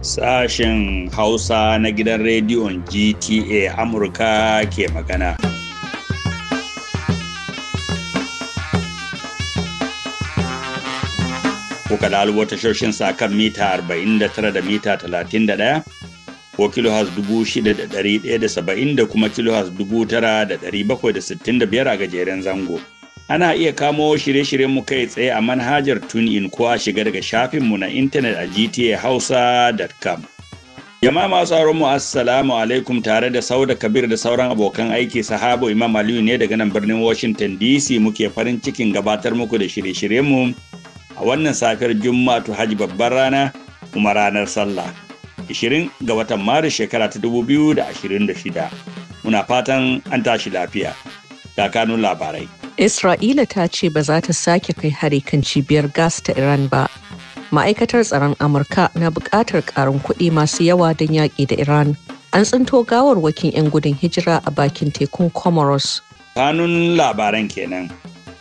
Sashen Hausa na gidan rediyon GTA Amurka ke magana. Kuka lalubo tashoshin sa kan mita 49 da mita 31, ko kilohas 6,170 da kuma kilohas 9,765 a gajeren zango. Ana iya kamo shirye-shiryenmu kai tsaye a manhajar TuneIn ko a shiga daga shafinmu na intanet a gtahausa.com. Jama'a masu mu assalamu alaikum tare da Sauda Kabir da sauran abokan aiki sahabo Imam Aliyu ne daga nan birnin Washington DC muke farin cikin gabatar muku da shirye-shiryenmu a wannan safiyar Jummatu Hajji babbar rana kuma ranar Sallah. 20 ga watan Maris shekara ta da 2026. Muna fatan an tashi lafiya. Ga kanun labarai. Isra'ila ta ce ba za ta sake kai hari kan cibiyar gas ta Iran ba. Ma'aikatar tsaron Amurka na buƙatar ƙarin kuɗi masu yawa don yaƙi da Iran. An tsinto gawarwakin 'yan gudun hijira a bakin tekun Comoros. Kanun labaran kenan.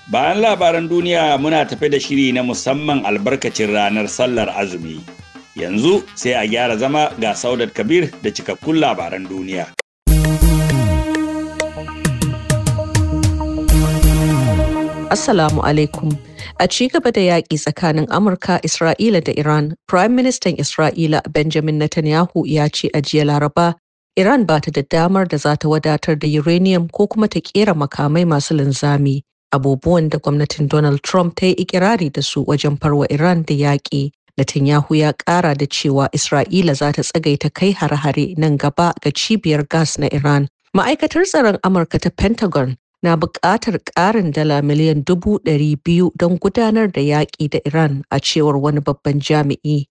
Bayan labaran duniya muna tafe da shiri na musamman albarkacin ranar sallar azumi. Yanzu sai a gyara zama ga Saudat Kabir da cikakkun labaran duniya. Assalamu alaikum. A ci gaba da yaƙi tsakanin Amurka, Isra'ila da Iran, Prime Minister Isra'ila Benjamin Netanyahu ya ce a jiya Laraba, Iran ba ta da damar da za ta wadatar da uranium ko kuma ta ƙera makamai masu linzami, abubuwan da gwamnatin Donald Trump ta yi ikirari da su wajen farwa Iran da yaƙi. Netanyahu ya ƙara da cewa Isra'ila za ta tsagaita kai har hare nan gaba ga cibiyar gas na Iran. Ma'aikatar tsaron Amurka ta Pentagon na buƙatar ƙarin dala miliyan dubu ɗari biyu don gudanar da yaƙi da Iran a cewar wani babban jami'i.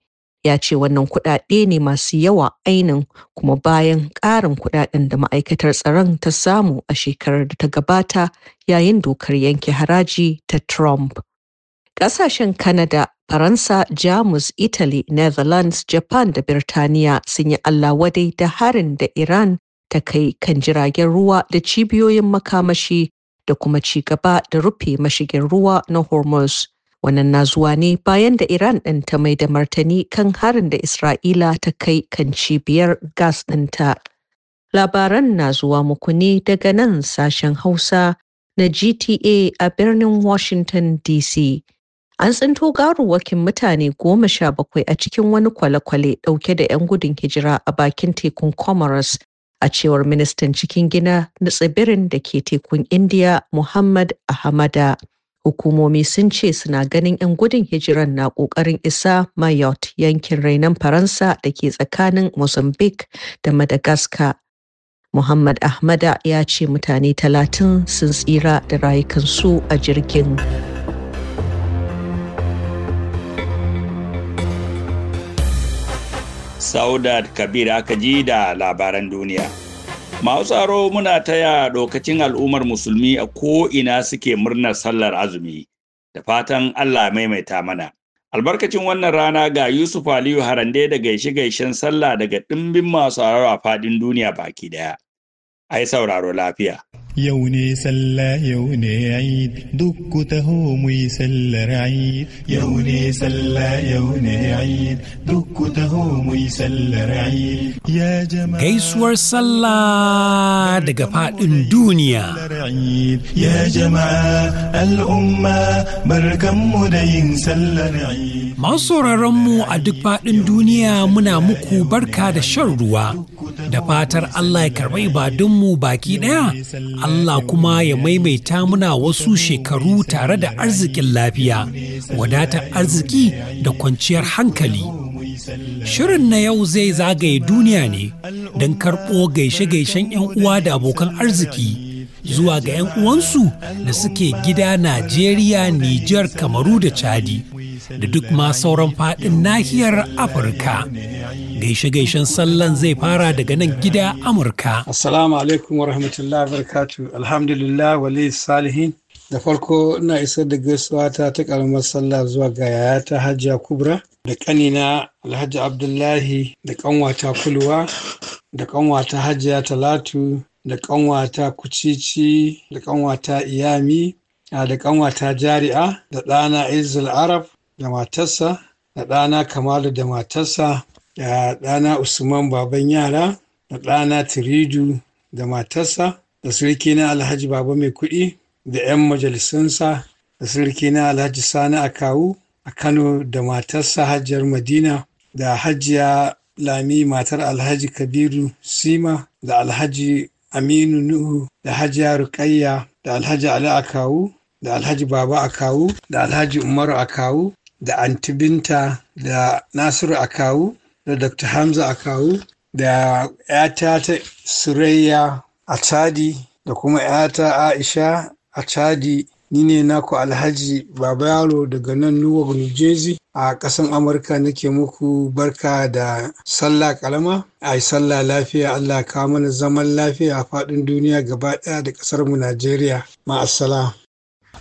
Ya ce wannan kuɗaɗe ne masu yawa ainin kuma bayan ƙarin kuɗaɗen da ma'aikatar tsaron ta samu a shekarar da ta gabata yayin dokar yanke haraji ta Trump. Ƙasashen Kanada, Faransa, Jamus, Italy, Netherlands, Japan da Birtaniya sun yi Allah wadai da harin da Iran ta kai kan jiragen ruwa da cibiyoyin makamashi da kuma ci gaba da rufe mashigin ruwa na hormuz wannan na zuwa ne bayan da iran ɗin ta mai da martani kan harin da isra'ila ta kai kan cibiyar gas ɗinta labaran na zuwa muku ne daga nan sashen hausa na gta a birnin washington dc an tsinto garuwakin mutane goma sha bakwai a cikin wani kwale-kwale ɗauke da 'yan gudun hijira a bakin tekun comoros a cewar ministan cikin gina na tsibirin da ke tekun indiya muhammad ahmada hukumomi sun ce suna ganin 'yan gudun hijiran na kokarin isa mayotte yankin rainon faransa da ke tsakanin mozambique da madagascar muhammad ahmada ya ce mutane talatin sun tsira da rayukansu a jirgin. Saudat Kabir aka ji da labaran duniya. Masu tsaro muna taya ɗokacin al'ummar musulmi a ko'ina suke murnar sallar azumi, da fatan Allah maimaita mana. Albarkacin wannan rana ga Yusuf Aliyu Harande da gaishe-gaishen sallah daga ɗimbin masu a faɗin duniya baki ɗaya. Ai sauraro lafiya. Yau ne sallah yau ne Eid duk ku taho mu yi sallar Eid yau ne sallah yau ne duk taho yi sallar ya gaisuwar sallah daga fadin duniya ya jama'a al'umma barkanmu da yin sallar Eid Masu mu a duk faɗin duniya muna muku barka da shan ruwa, da fatar Allah ya karɓi ibadunmu baki ɗaya, Allah kuma ya maimaita muna wasu shekaru tare da arzikin lafiya, wadatar arziki da kwanciyar hankali. Shirin na yau zai zagaye duniya ne don karɓo gaishe-gaishen 'yan uwa da abokan arziki. zuwa ga 'yan uwansu da suke gida Najeriya, Nijar, Kamaru da Chadi. da duk ma sauran faɗin nahiyar Afirka. Gaishe-gaishen sallan zai fara daga nan gida Amurka. Assalamu alaikum wa rahmatullahi barakatu. Alhamdulillah wali salihin. Da farko ina isar da gaisuwa ta ta karamar sallah zuwa ga yaya ta Hajiya Kubra da ƙanina Alhaji Abdullahi da ƙanwata Kulwa da ƙanwata Hajiya Talatu da ƙanwata Kucici da kanwata Iyami da ƙanwata Jari'a da ɗana Izul Arab da matarsa da ɗana kamalu da matarsa da ɗana usman baban yara da ɗana tiridu da matarsa da sulki na alhaji baba mai kuɗi da 'yan majalisunsa da sulki na alhaji sani a kawu a kano da matarsa hajjar madina da hajiya lami matar alhaji kabiru sima da alhaji aminu nuhu da hajiya rukayya da alhaji ali akawu da alhaji baba akawu da alhaji umaru akawu da Aunty binta da nasiru akawu da dr hamza akawu da yata ta surayya a chadi da kuma yata aisha a chadi ni ne naku alhaji baba yaro daga nan newark new jersey a ƙasan amurka nake muku barka da sallah kalama a sallah lafiya allah ka mana zaman lafiya a faɗin duniya gaba ɗaya da ƙasar mu najeriya ma'asala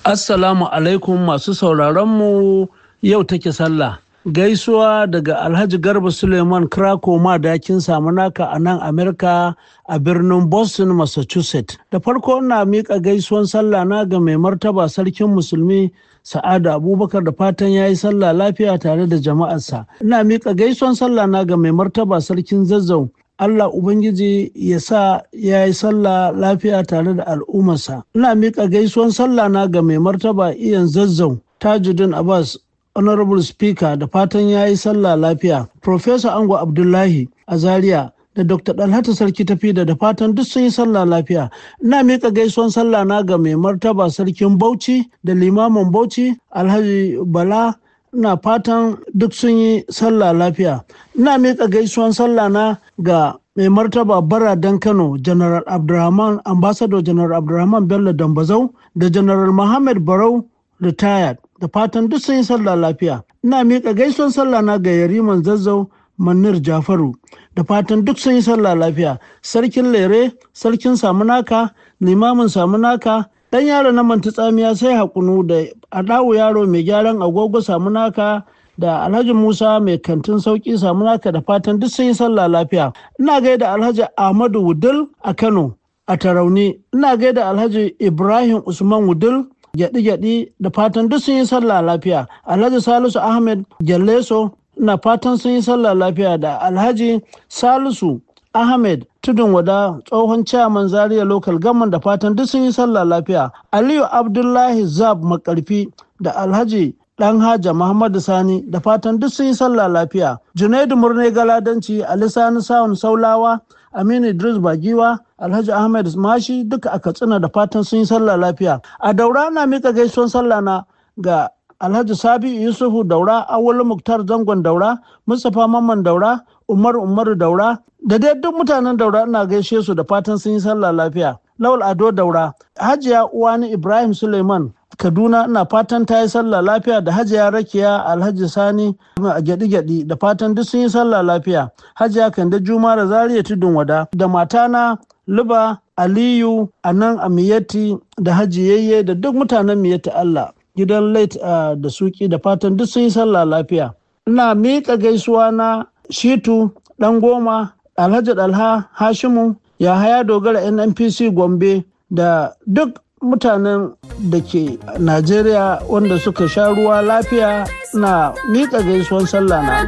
assalamu alaikum masu sauraron mu yau take sallah gaisuwa daga alhaji garba suleiman krako samu samunaka a nan amerika a birnin boston massachusetts da farko na miƙa gaisuwan sallah na ga mai martaba sarkin musulmi sa'ada abubakar da fatan ya yi sallah lafiya tare da jama'arsa ina miƙa gaisuwan sallah na ga mai martaba sarkin zazzau Allah Ubangiji ya sa ya yi sallah lafiya tare da al'ummarsa. Ina miƙa gaisuwan sallah na ga mai martaba iyan zazzau tajudin Abbas honorable speaker da fatan ya yi sallah lafiya professor ango abdullahi a zaria da dr dalhata sarki tafi da da fatan duk sun yi sallah lafiya ina miƙa gaisuwan sallah na ga mai martaba sarkin bauchi da limamin bauchi alhaji bala ina fatan duk sun yi sallah lafiya ina miƙa gaisuwan sallah na ga mai martaba bara dan kano general abdurrahman ambassador general abdurrahman bello dambazau da general muhammad barau retired da fatan duk sun yi sallah lafiya ina miƙa gaisuwan sallah na ga yariman zazzau manir jafaru da fatan duk sun yi sallah lafiya sarkin lere sarkin samunaka limamin samunaka ɗan yaro na manta tsamiya sai hakunu da adawu yaro mai gyaran agogo samunaka da alhaji musa mai kantin sauki samunaka da fatan duk sun yi sallah lafiya ina gaida alhaji ahmadu wudul a kano a tarauni ina gaida alhaji ibrahim usman wudul gyaɗi-gyaɗi da fatan duk sun yi sallah lafiya alhaji salisu ahmed gyalleso na fatan sun yi sallah lafiya da alhaji salisu ahmed tudun wada tsohon chairman zaria local gaman da fatan duk sun yi sallah lafiya aliyu abdullahi zab makarfi da alhaji dan haja muhammadu sani da fatan duk sun yi sallah lafiya junaidu murne galadanci ali sani sawun saulawa aminu idris bagiwa Alhaji Ahmed Mashi duka a Katsina da fatan sun yi sallah lafiya. A daura na mika gaisuwan sallah na ga Alhaji Sabi Yusufu Daura, Awul Muktar Zangon Daura, Mustapha Mamman Daura, Umar Umaru Daura, da dai duk mutanen Daura ina gaishe su da fatan sun yi sallah lafiya. Lawal Ado Daura, Hajiya Uwani Ibrahim Suleiman, kaduna ina fatan ta yi sallah lafiya da hajiya rakiya alhaji sani a gyaɗi gyaɗi da fatan duk sun yi sallah lafiya hajiya kande juma da zariya tudun wada da matana luba aliyu a nan a miyati da hajiyayye da duk mutanen miyati allah gidan late da suki da fatan duk sun yi sallah lafiya ina miƙa gaisuwa na shitu ɗan goma alhaji dalha hashimu yahaya dogara nnpc gombe da duk mutanen da ke Najeriya wanda suka sha ruwa lafiya na miƙa gaisuwan sallah na.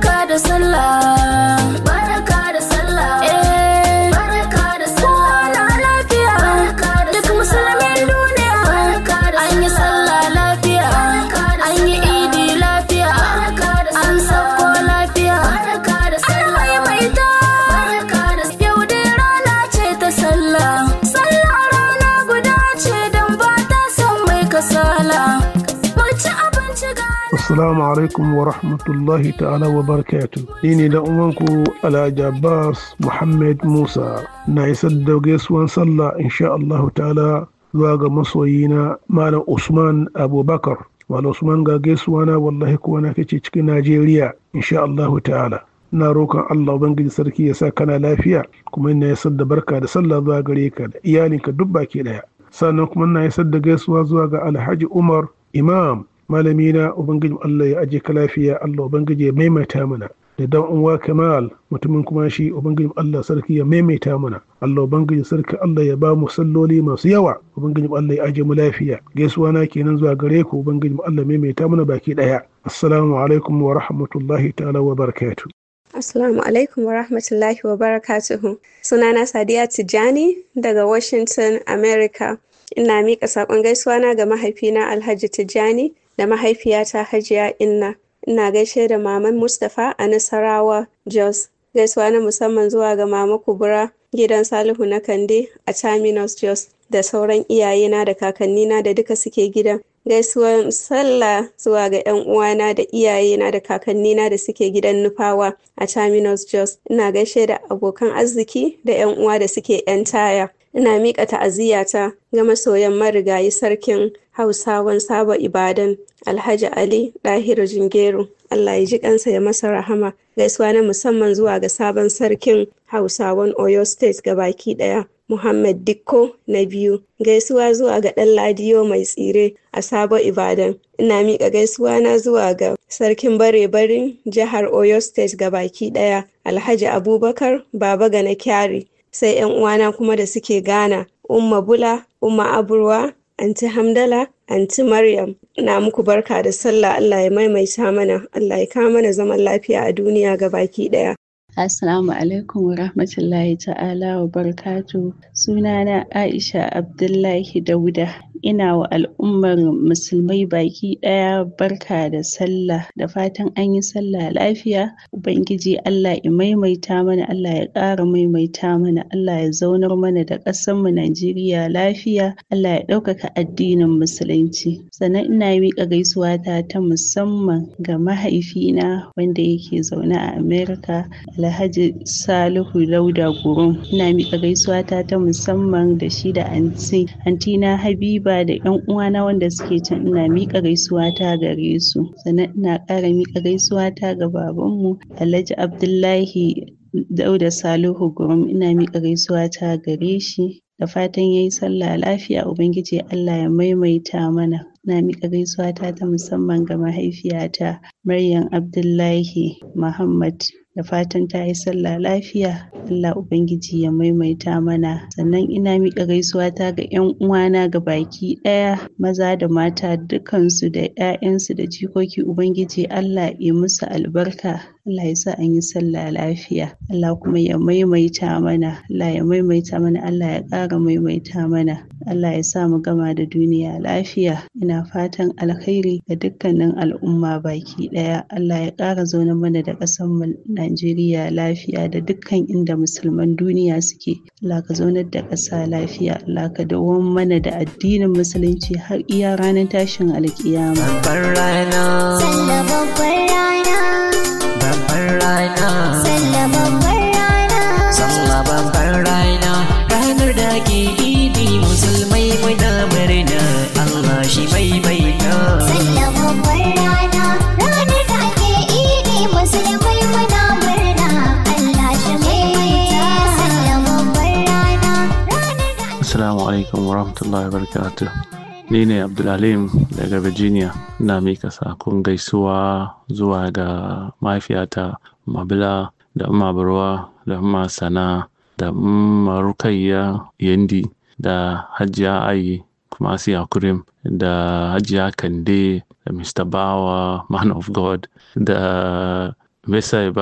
Assalamu alaikum wa rahmatullahi ta'ala wa barakatu. Ni ne da uwanku Alhaji Abbas Muhammad Musa. Na isar da gaisuwan sallah insha allahu ta'ala zuwa ga masoyina Malam Usman Abubakar. Malam Usman ga gaisuwa na wallahi kuwa na kace cikin Najeriya insha allahu ta'ala. na roƙon Allah Ubangiji sarki ya sa kana lafiya kuma ina ya da barka da sallah zuwa gare ka da iyalinka duk baki daya sannan kuma na ya da gaisuwa zuwa ga Alhaji Umar Imam malami na ubangiji Allah ya aje ka lafiya Allah ubangiji ya maimaita mana da dan uwa kamal mutumin kuma shi ubangiji Allah sarki ya maimaita mana Allah ubangiji sarki Allah ya ba mu salloli masu yawa ubangiji Allah ya aje mu lafiya gaisuwa na kenan zuwa gare ku ubangiji Allah maimaita mana baki daya assalamu alaikum wa rahmatullahi ta'ala wa barakatuh Assalamu alaikum wa rahmatullahi wa barakatuhu. Sunana Sadiya tijani daga Washington, America. Ina miƙa saƙon gaisuwa na ga mahaifina Alhaji tijani. da mahaifiyata Hajiya Inna. Ina gaishe da Maman Mustapha a Nasarawa Jos. Gaisuwa na musamman zuwa ga Mama Kubura gidan Salihu na Kande a Terminus Jos da sauran iyayena da kakannina da duka suke gidan. Gaisuwan sallah zuwa ga 'yan uwana da iyayena da kakannina da suke gidan Nufawa a Terminus Jos. Ina gaishe da abokan arziki da 'yan uwa da suke 'yan taya. ina miƙa ta'aziyyata ga masoyan marigayi sarkin hausawan saba ibadan alhaji ali ɗahir jingeru allah ya ji kansa ya masa rahama gaisuwa na musamman zuwa ga sabon sarkin hausawan oyo state ga baki ɗaya muhammad dikko na biyu gaisuwa zuwa ga ɗan ladiyo mai tsire a sabo ibadan ina miƙa gaisuwa na zuwa ga sarkin bare-barin jihar oyo state ga baki ɗaya alhaji abubakar baba ga na kyari sai 'yan uwana kuma da suke gana Umma Bula, Umma Aburwa, Anti Hamdala, Anti Maryam. Na muku barka da sallah Allah ya maimaita mana, Allah ya kawo mana zaman lafiya a duniya ga baki ɗaya. Assalamu alaikum wa rahmatullahi ta'ala wa barakatu. Sunana Aisha Abdullahi Dauda. Ina wa al'ummar musulmai baki ɗaya barka da sallah da fatan an yi sallah lafiya. Ubangiji Allah ya maimaita mana Allah ya ƙara maimaita mana Allah ya zaunar mana da ƙasarmu Najeriya lafiya. Allah ya ɗaukaka addinin musulunci. Sannan ina miƙa gaisuwa ta ta musamman ga mahaifina wanda yake zaune a Amerika. Alhaji Salihu Lauda Gurum. Ina miƙa gaisuwa ta ta musamman da shi da anti. Anti na Habiba da ƴan uwana wanda suke can ina miƙa gaisuwa ta gare su. Sannan ina ƙara miƙa gaisuwa ta ga babanmu Alhaji Abdullahi Dauda Salihu Gurum ina miƙa gaisuwa ta gare shi. da fatan yayi sallah lafiya ubangiji Allah ya maimaita mana na miƙa gaisuwa ta ta musamman ga mahaifiyata Maryam Abdullahi Muhammad da fatan ta yi sallah lafiya Allah Ubangiji ya maimaita mana sannan ina miƙa gaisuwa ta ga 'yan uwana ga baki ɗaya maza da mata dukansu da 'ya'yansu da jikoki Ubangiji Allah ya musu albarka Allah ya sa an yi sallah lafiya Allah kuma ya maimaita mana Allah ya maimaita mana Allah ya ƙara maimaita mana Allah ya sa mu gama da duniya lafiya ina fatan alkhairi ga dukkanin al'umma baki ɗaya Allah ya ƙara zaune mana da ƙasar mu Najeriya lafiya da dukkan inda musulman duniya suke. Allah ka zaunar da ƙasa lafiya, Allah ka dawo mana da addinin musulunci har iya ranar tashin alkiyama. Babbar rahmatullahi barkatu, ni ne abdulhalim daga virginia na mika sakon gaisuwa zuwa ga mafiyata mabila da mabarwa da masana da marukayya yandi da hajiya ayi kuma asiya kurim da hajiya kande da mr bawa man of god da mesa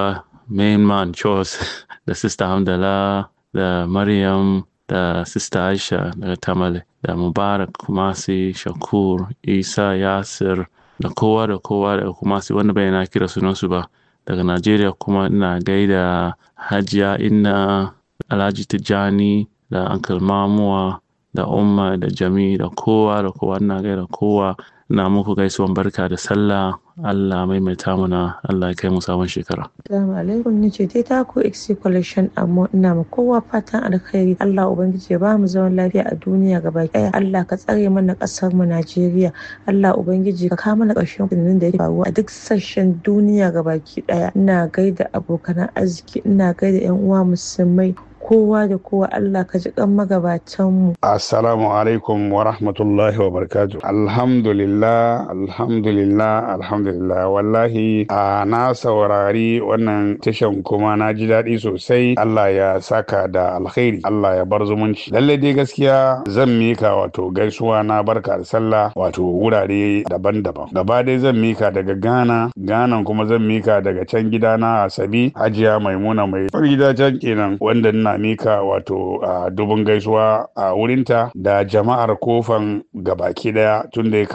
main man chos da sister hamdala da maryam da sister aisha daga tamale da Mubarak Kumasi, Shakur, Isa Yasir da kowa da kowa da Kumasi wanda bai na kira sunansu ba. Daga Najeriya kuma ina gaida Hajiya Inna, Alhaji Tijjani da Uncle Mamuwa da Umma da Jami da kowa da kowa ina gaida kowa. Ina muku gaisuwan barka da sallah. Allah maimaita mana Allah ya kai mu sabon shekara. Assalamu alaikum ni ce ta ko XC collection amma ina ma kowa fatan alkhairi Allah ubangiji ya ba mu zaman lafiya a duniya gaba ɗaya Allah ka tsare mana ƙasar mu Najeriya Allah ubangiji ka kama mana ƙarshen kudin da yake faruwa a duk sashen duniya baki ɗaya ina gaida abokan arziki ina gaida ƴan uwa musulmai kowa da kowa Allah ka ji kan magabatanmu. Assalamu alaikum wa rahmatullahi wa barakatuh. Alhamdulillah, alhamdulillah, alhamdulillah. alhamdulillah wallahi a na saurari wannan tashan kuma na ji daɗi sosai Allah ya saka da alkhairi Allah ya bar zumunci lalle dai gaskiya zan mika wato gaisuwa na barka da sallah wato wurare daban-daban gaba dai zan mika daga Ghana Ghana kuma zan mika daga can gidana Asabi Hajiya Maimuna mai farida can kenan wanda ina mika wato a dubun gaisuwa a wurinta da jama'ar kofan gabaki daya tun da ya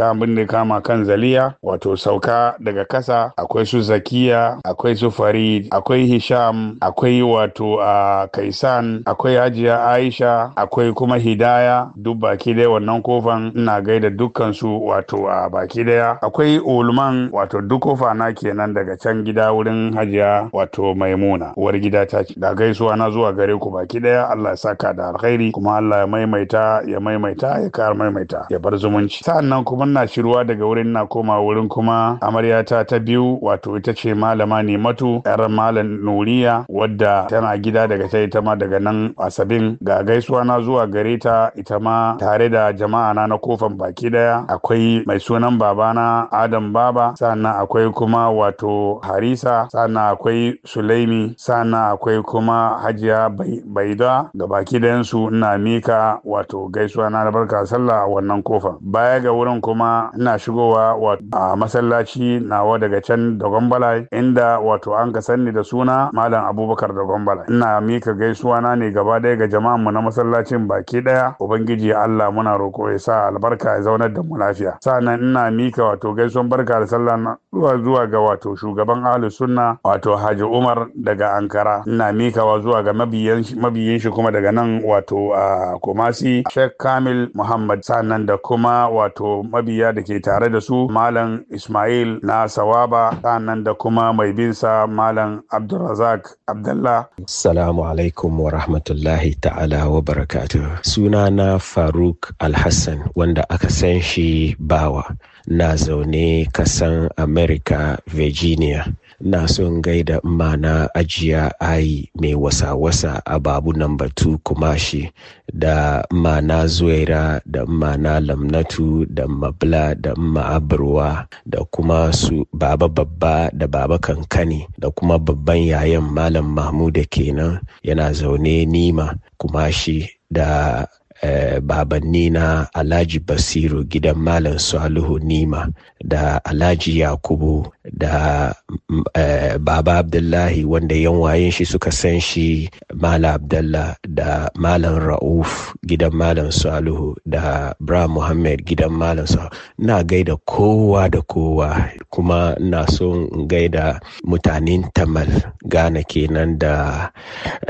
kama kan zaliya wato sauka daga kasa akwai su zakiya akwai su farid akwai hisham akwai wato a kaisan akwai hajiya aisha akwai kuma hidaya duk baki daya wannan kofan ina gaida dukkan su wato a baki daya akwai ulman wato duk kofa na kenan daga can gida wurin hajiya wato maimuna uwar gida ta ce da gaisuwa na zuwa gare ku baki daya Allah ya saka da alkhairi kuma Allah ya maimaita ya maimaita ya kar maimaita ya bar zumunci sa'annan kuma na shiruwa daga wurin na koma wurin kuma amaryata ta biyu wato ita ce malama ne matu, yar malam nuriya wadda tana gida daga ta ita ma daga nan asabin ga gaisuwa na zuwa gare ta ita ma tare da jama'a na na kofan baki daya akwai mai sunan babana adam baba sannan akwai kuma wato harisa sannan akwai sulaimi sannan akwai kuma hajiya baida ga baki su ina mika wato gaisuwa na barka sallah wannan kofan baya ga wurin kuma ina shigowa a masallaci shi nawa daga can da gwambala inda wato an ka sanni da suna malam abubakar da gwambala ina mika gaisuwa na ne gaba ɗaya ga jama'an mu na masallacin baki ɗaya ubangiji allah muna roƙo ya sa albarka ya zaunar da mu lafiya sannan ina mika wato gaisuwan barka da sallah zuwa ga wato shugaban ahlus sunna wato haji umar daga ankara ina mikawa zuwa ga mabiyin shi kuma daga nan wato a kumasi sheikh kamil muhammad sannan da kuma wato mabiya da ke tare da su malam ismail ismail na sawaba sannan da kuma mai binsa malam abdulrazak abdullah salamu alaikum wa rahmatullahi ta'ala wa barakatuh suna na faruk alhassan wanda aka san shi bawa na zaune kasan america virginia na son gaida mana ajiya ayi mai wasa-wasa a babu number 2 kumashi da mana zuwaira da mana lamnatu da mabla da ma'abarwa da kuma su baba babba da baba kankani da kuma babban yayan malam mahmuda kenan yana zaune nima kumashi da Eh, babanni na alhaji basiru gidan malam salihu nima da alhaji yakubu da mm, eh, baba abdullahi wanda yan shi suka san shi malam abdullah da malam ra'uf gidan malam salihu da bra muhammad gidan malam salihu na gaida kowa da kowa kuma na so gaida mutanen tamal gana kenan da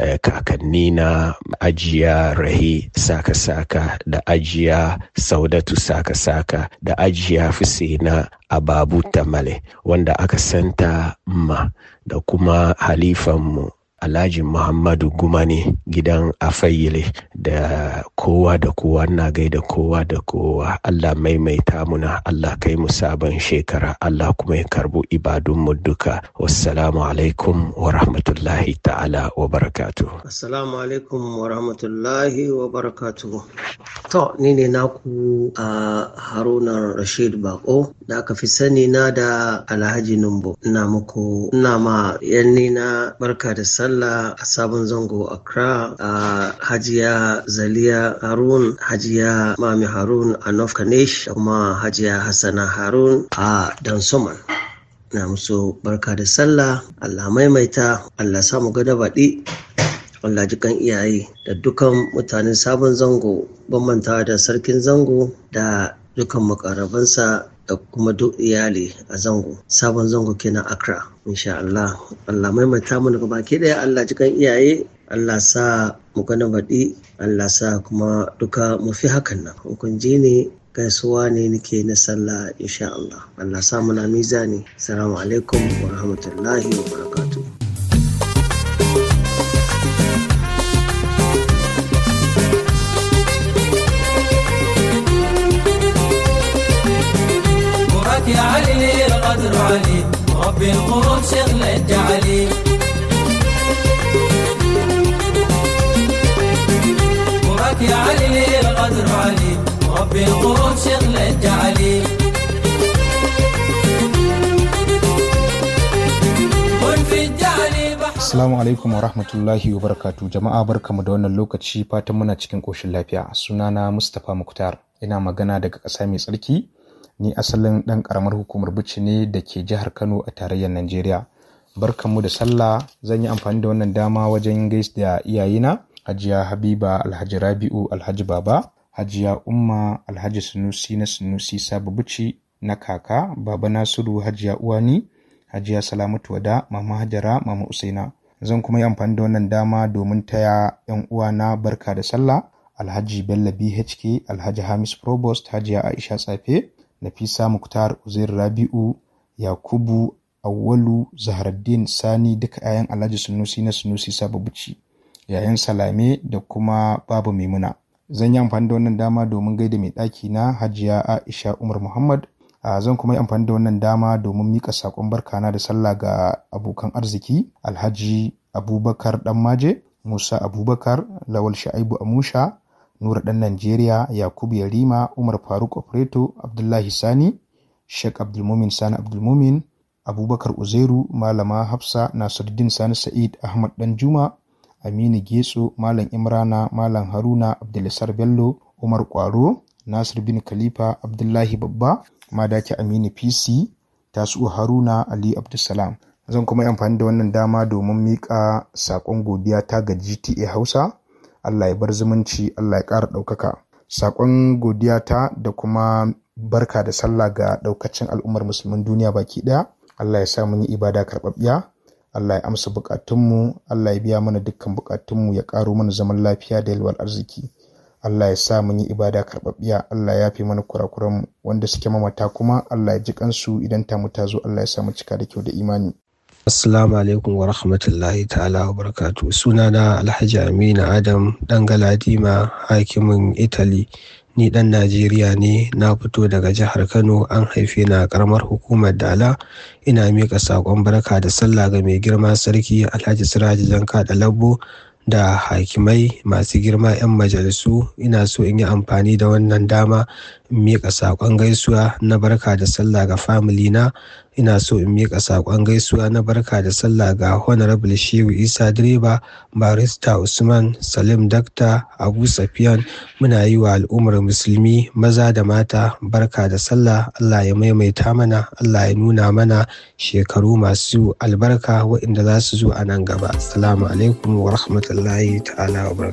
eh, kakanni na ajiya rahi saka saka da ajiya saudatu saka saka da ajiya na ababu tamale wanda aka santa ma da kuma halifanmu Alhaji Muhammadu Gumani, gidan Afayile da kowa da kowa na gaida kowa da kowa Allah maimaita muna Allah kai mu sabon shekara Allah kuma ya karbu mu duka wassalamu alaikum wa rahmatullahi ta'ala wa barakatu assalamu alaikum wa rahmatullahi wa barakatu to ni ne naku a haruna rashid bako da aka fi sani na da alhaji numbo ina muku ina ma yanni na barka da sa sallah a sabon zango accra a hajiya zaliya harun hajiya mami harun a north kanesh kuma hajiya hassana harun a dansoman na musu barka da sallah allah maimaita allah samu gada baɗi Allah jikan iyaye da dukan mutanen sabon zango banbanta da sarkin zango da dukan makarabansa da kuma duk iyali a zango sabon zango kenan accra insha Allah Allah maimaita mu daga baki daya Allah cikan iyaye Allah sa mu gana baɗi Allah sa kuma duka mu fi hakan nan kun ji ne gaisuwa ne nake na sallah insha Allah Allah sa muna mizani salamu alaikum wa rahmatullahi wa barakatuh بالقرون شغل التعليم وراك يا علي القدر علي ربي القرون شغل التعليم Assalamu alaikum wa rahmatullahi wa barakatu jama'a barkamu da wannan lokaci fatan muna cikin koshin lafiya sunana Mustapha Muktar ina magana daga ƙasa mai tsarki Ni asalin ɗan ƙaramar hukumar bici ne da ke jihar Kano a tarayyar Najeriya. Barkanmu da sallah zan yi amfani da wannan dama wajen gais da iyayena Hajiya Habiba Alhaji Rabi'u Alhaji Baba, Hajiya Umma Alhaji Sunusi na Sunusi sabu Bichi na kaka Baba Nasiru Hajiya Uwani, Hajiya Salamatu Wada, Mama Hajara, Mama Usaina. Zan kuma yi amfani da wannan dama domin taya 'yan uwana barka da sallah Alhaji Bello BHK, Alhaji Hamis Provost, Hajiya Aisha Tsafe, Nafisa Muktar Uzair Rabi'u, Yakubu Awalu Zahraddin Sani duka 'ya'yan Alhaji Sunusi na Sunusi Sabo Bici, yayin Salame da kuma Babu Maimuna. Zan yi amfani da wannan dama domin gaida mai ɗaki na Hajiya Aisha Umar Muhammad. a zan kuma yi amfani da wannan dama domin mika saƙon barkana da sallah ga abokan arziki Alhaji Abubakar Ɗanmaje, Musa Abubakar, Lawal Sha'ibu Amusha, Nura ɗan Najeriya, Yakubu Yarima, Umar Faruk Opereto, Abdullahi Sani, Sheikh Abdulmumin Sani Abdulmumin, Abubakar Uzairu, Malama Hafsa, Nasiruddin Sani Sa'id, Ahmad Ɗanjuma, Aminu Getso, Malam Imrana, Malam Haruna, Abdulisar Bello, Umar Kwaro, Nasir bin Khalifa, Abdullahi Babba, Madaki Aminu PC, Tasu Haruna, Ali Abdulsalam. Zan kuma yi amfani da wannan dama domin miƙa saƙon godiya ta ga GTA Hausa. Allah ya bar zumunci Allah ya ƙara ɗaukaka saƙon godiyata da kuma barka da sallah ga ɗaukacin al'ummar musulmin duniya baki ɗaya Allah ya sa mun yi ibada karɓaɓɓiya Allah ya amsa mu Allah ya biya mana dukkan bukatunmu ya ƙaro mana zaman lafiya da yalwar arziki Allah ya sa mun yi ibada karɓaɓɓiya Allah ya fi mana kurakuranmu wanda suke mamata kuma Allah ya ji kansu idan ta mu ta zo Allah ya sa mu cika da kyau da imani Assalamu alaikum wa rahmatullahi ta'ala wa barakatu. Sunana Alhaji Aminu Adam ɗan Galadima hakimin Italy. Ni ɗan Najeriya ne na fito daga jihar Kano an haife na karamar hukumar Dala. Ina miƙa saƙon baraka da sallah ga mai girma sarki Alhaji Siraji Janka da Labbo da hakimai masu girma 'yan majalisu ina so in yi amfani da wannan dama in miƙa saƙon gaisuwa na barka da sallah ga family na ina so in miƙa saƙon gaisuwa na barka da sallah ga honorable shehu isa direba barista usman salim dakta abu safiyan muna yi wa al'ummar musulmi maza da mata barka da sallah allah ya maimaita mana allah ya nuna mana shekaru masu albarka waɗanda za su zo a nan gaba assalamu alaikum wa rahmatullahi ta'ala wa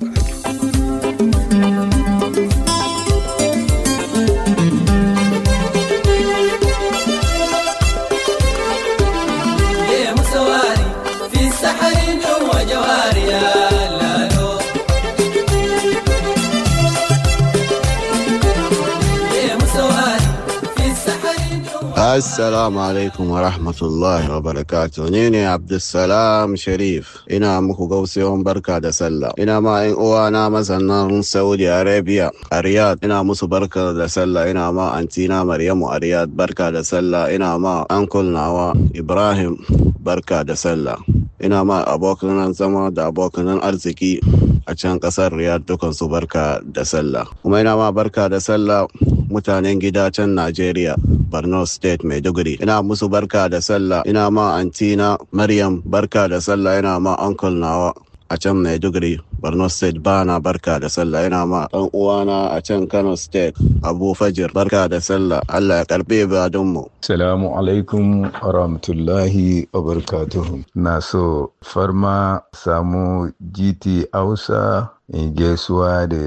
Assalamu alaikum wa rahmatullahi wa barakatuh. Ni ne Abdulsalam Sharif. Ina muku gausayon barka da sallah. Ina ma in uwana masannan Saudi Arabia a Riyadh. Ina musu barka da sallah. Ina ma antina Maryamu a Riyadh barka da sallah. Ina ma ankul nawa Ibrahim barka da sallah. ina ma abokan zama da abokan arziki a can kasar riyadh dukan su barka da sallah kuma ina ma barka da sallah mutanen gida can najeriya borno state maiduguri ina musu barka da sallah ina ma antina maryam barka da sallah ina ma uncle nawa a can maiduguri Borno State Bana barka da sallah yana ma ɗan uwana a can Kano State Abu Fajir barka da sallah Allah ya karbe mu. Salamu alaikum wa rahmatullahi wa barakatuhu. Na so farma samu GT Hausa in gaisuwa da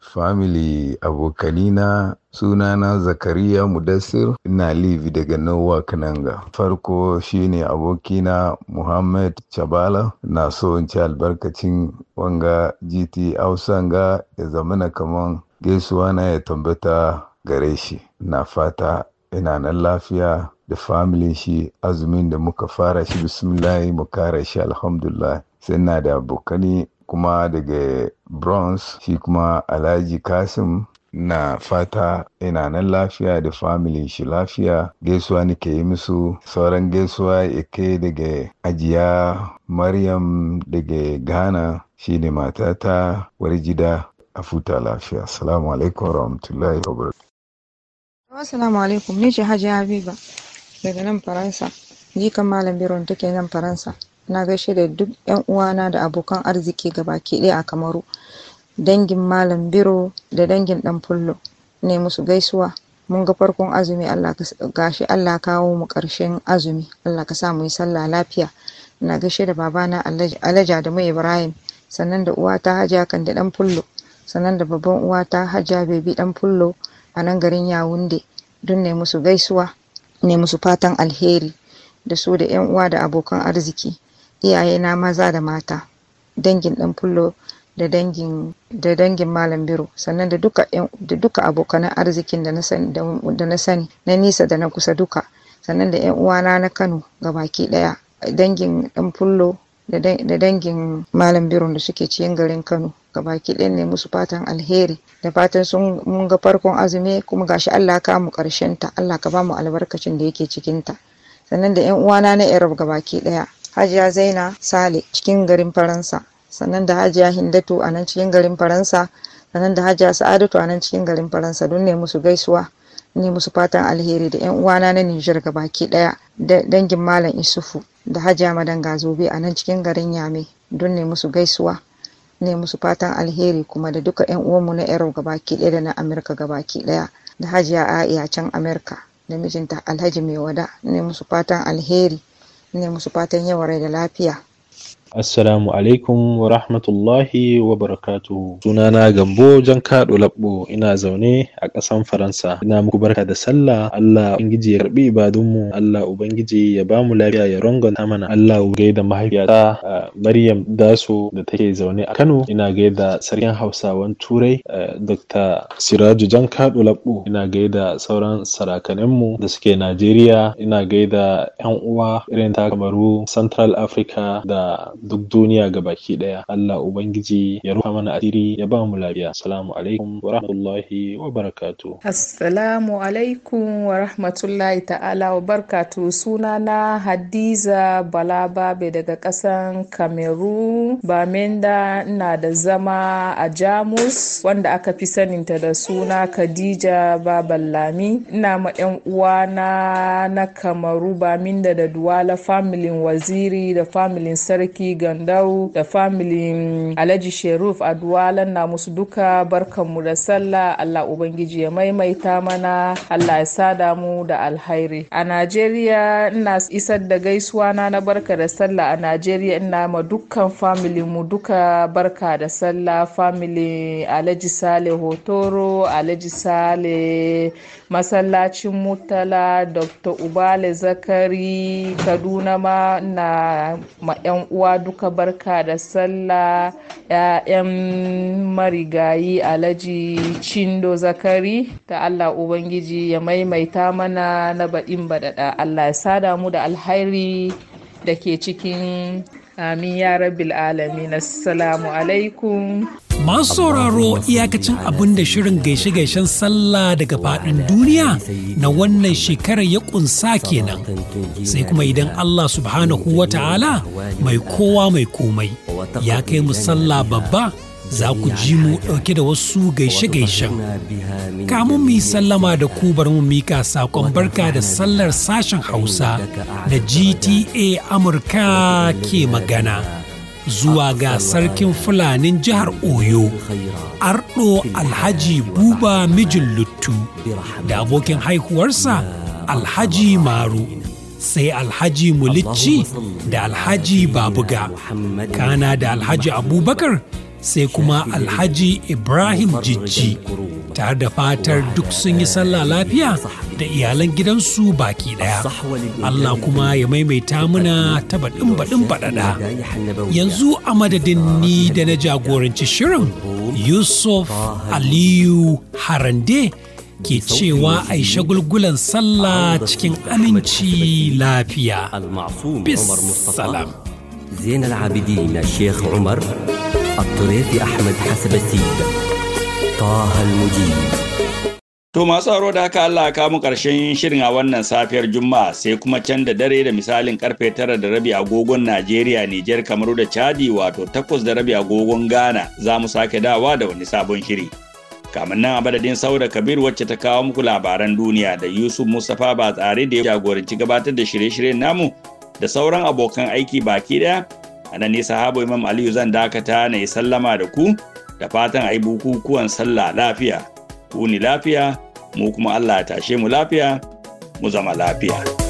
family abokanina sunana zakariya mudassir ina livi daga nowa kananga farko shine abokina muhammad chabala na so in ci albarkacin wanga gt Ausanga. ya zamana kaman gaisuwa na ya tambata gare shi na fata ina nan lafiya da familin shi azumin da muka fara shi bismillahi mu kara shi alhamdulillah sai na da abokani kuma daga bronx shi kuma alhaji kasim na fata ina nan lafiya da family shi lafiya gaisuwa nake yi musu sauran gaisuwa ike daga ajiya maryam daga ghana shi ne matata warjida a futa lafiya assalamu alaikum warahmatullahi wabarakatuh assalamu alaikum ni ce hajji habiba daga nan faransa jikan malam biron take nan faransa na gaishe da duk yan uwana da abokan arziki gaba ɗaya a kamaru dangin malam biro da dangin dan fullo ne musu gaisuwa mun ga farkon azumi Allah gashi Allah kawo mu karshen azumi Allah ka sa mu yi sallah lafiya na gaishe da babana alaja da mai Ibrahim sannan da uwata Hajiya kan da dan fullo sannan da babban uwata Hajiya Bebi dan fullo a nan garin Yawunde don ne musu gaisuwa ne musu fatan alheri da su da yan uwa da abokan arziki iyaye na maza da mata dangin ɗan fullo da dangin malam biro sannan da duka abokanan arzikin da na sani na nisa da na kusa duka sannan da yan uwana na Kano gabaki daya dangin ɗan fullo da dangin malam biro da suke cikin garin kano baki ɗaya ne musu fatan alheri da fatan sun mun ga farkon azumi kuma gashi allah ka mu ƙarshen ta allah ka ba mu albarkacin da yake cikinta sannan da yan uwana na arab baki ɗaya hajiya zaina sale cikin garin faransa sannan da hajiya hindatu a nan cikin garin faransa sannan da hajiya sa'adatu a nan cikin garin faransa don ne musu gaisuwa ne musu fatan alheri da yan uwana na nijar baki daya dangin malam isufu da hajiya madanga zobe a nan cikin garin yame don ne musu gaisuwa ne musu fatan alheri kuma da duka yan uwanmu na erau gabaki daya da na amurka gabaki daya da hajiya aiyacan can amurka da mijinta alhaji mai ne musu fatan alheri Ina musu fatan yawan rai da lafiya. Assalamu alaikum wa rahmatullahi wa barakatu Sunana Gambo Jan Kaɗo Labbo ina zaune a ƙasan Faransa. Ina muku barka da sallah. Allah Ubangiji ya karɓi ibadunmu. Allah Ubangiji ya ba mu lafiya ya ta mana. Allah ya da mahaifiyata Maryam Daso da take zaune a Kano. Ina gaida sarkin Hausawan Turai Dr. Siraju Jan Kaɗo Labbo. Ina gaida sauran sarakaninmu da suke Najeriya. Ina gaida 'yan uwa irin ta Kamaru, Central Africa da duk duniya ga baki daya Allah ubangiji ya ruha mana asiri ya ba mu lafiya assalamu alaikum wa rahmatullahi wa barakatu. assalamu alaikum wa rahmatullahi ta'ala wa Suna na Hadiza Balababe daga kasan Cameroon Bamenda ina da zama a Jamus wanda aka fi saninta da suna Khadija Baballami ina ma 'yan uwana na Kamaru Baminda da Duwala familin waziri da familin sarki gandau da familin mm, alaji sheruf adwalan na musu duka barkanmu da sallah allah ubangiji ya maimaita mana allah ya sada mu da alhairi a najeriya ina isar da gaisuwa na na barka da sallah a najeriya ina ma dukkan familin mu duka barka da sallah family alaji sale hotoro alhaji sale masallacin murtala dr ubale zakari kaduna ma na ma yan uwa duka barka da sallah ya'yan marigayi alhaji cindo zakari ta allah ubangiji ya maimaita mana na baɗin baɗaɗa allah ya sada mu da alhairi da ke cikin amin ya rabbil alamin assalamu alaikum Masu sauraro iyakacin abin da shirin gaishe-gaishen sallah daga faɗin duniya na wannan shekarar ya ƙunsa kenan. Sai kuma idan Allah subhanahu wa ta'ala mai kowa mai komai ya kai mu sallah babba za ku ji mu ɗauke da wasu gaishe-gaishen. Kamun mu yi sallama da ku bari mu mika saƙon barka da sallar sashen Hausa da GTA Amurka ke magana. zuwa ga sarkin fulanin jihar oyo Arɗo alhaji buba mijin luttu da abokin haihuwarsa alhaji maru sai alhaji mulicci da alhaji babuga kana da alhaji abubakar sai kuma alhaji ibrahim jijji tare da fatar duk sun yi sallah lafiya da iyalan gidansu baki daya Allah kuma ya maimaita muna ta baɗin baɗin baɗaɗa yanzu a madadin ni da na jagoranci shirin yusuf aliyu harande ke cewa a yi shagulgulan sallah cikin aminci lafiya bis salam زين العابدين الشيخ عمر الطريف أحمد حسب السيد طه المجيد To masu haro da haka Allah kamu mu karshen shirin a wannan safiyar Juma'a sai kuma can da dare da misalin karfe tara da rabi agogon Najeriya, Nijar, Kamaru da Chadi wato takwas da rabi agogon Ghana za mu sake dawa da wani sabon shiri. Kamin nan a madadin Sauda Kabir wacce ta kawo muku labaran duniya da Yusuf Mustapha ba tsare da ya jagoranci gabatar da shirye-shiryen namu da sauran abokan aiki baki daya. A nan ne sahabo Imam Aliyu zan dakata na yi sallama da ku da fatan a yi bukukuwan sallah lafiya. ku ni lafiya mu kuma Allah ya tashe mu lafiya mu zama lafiya.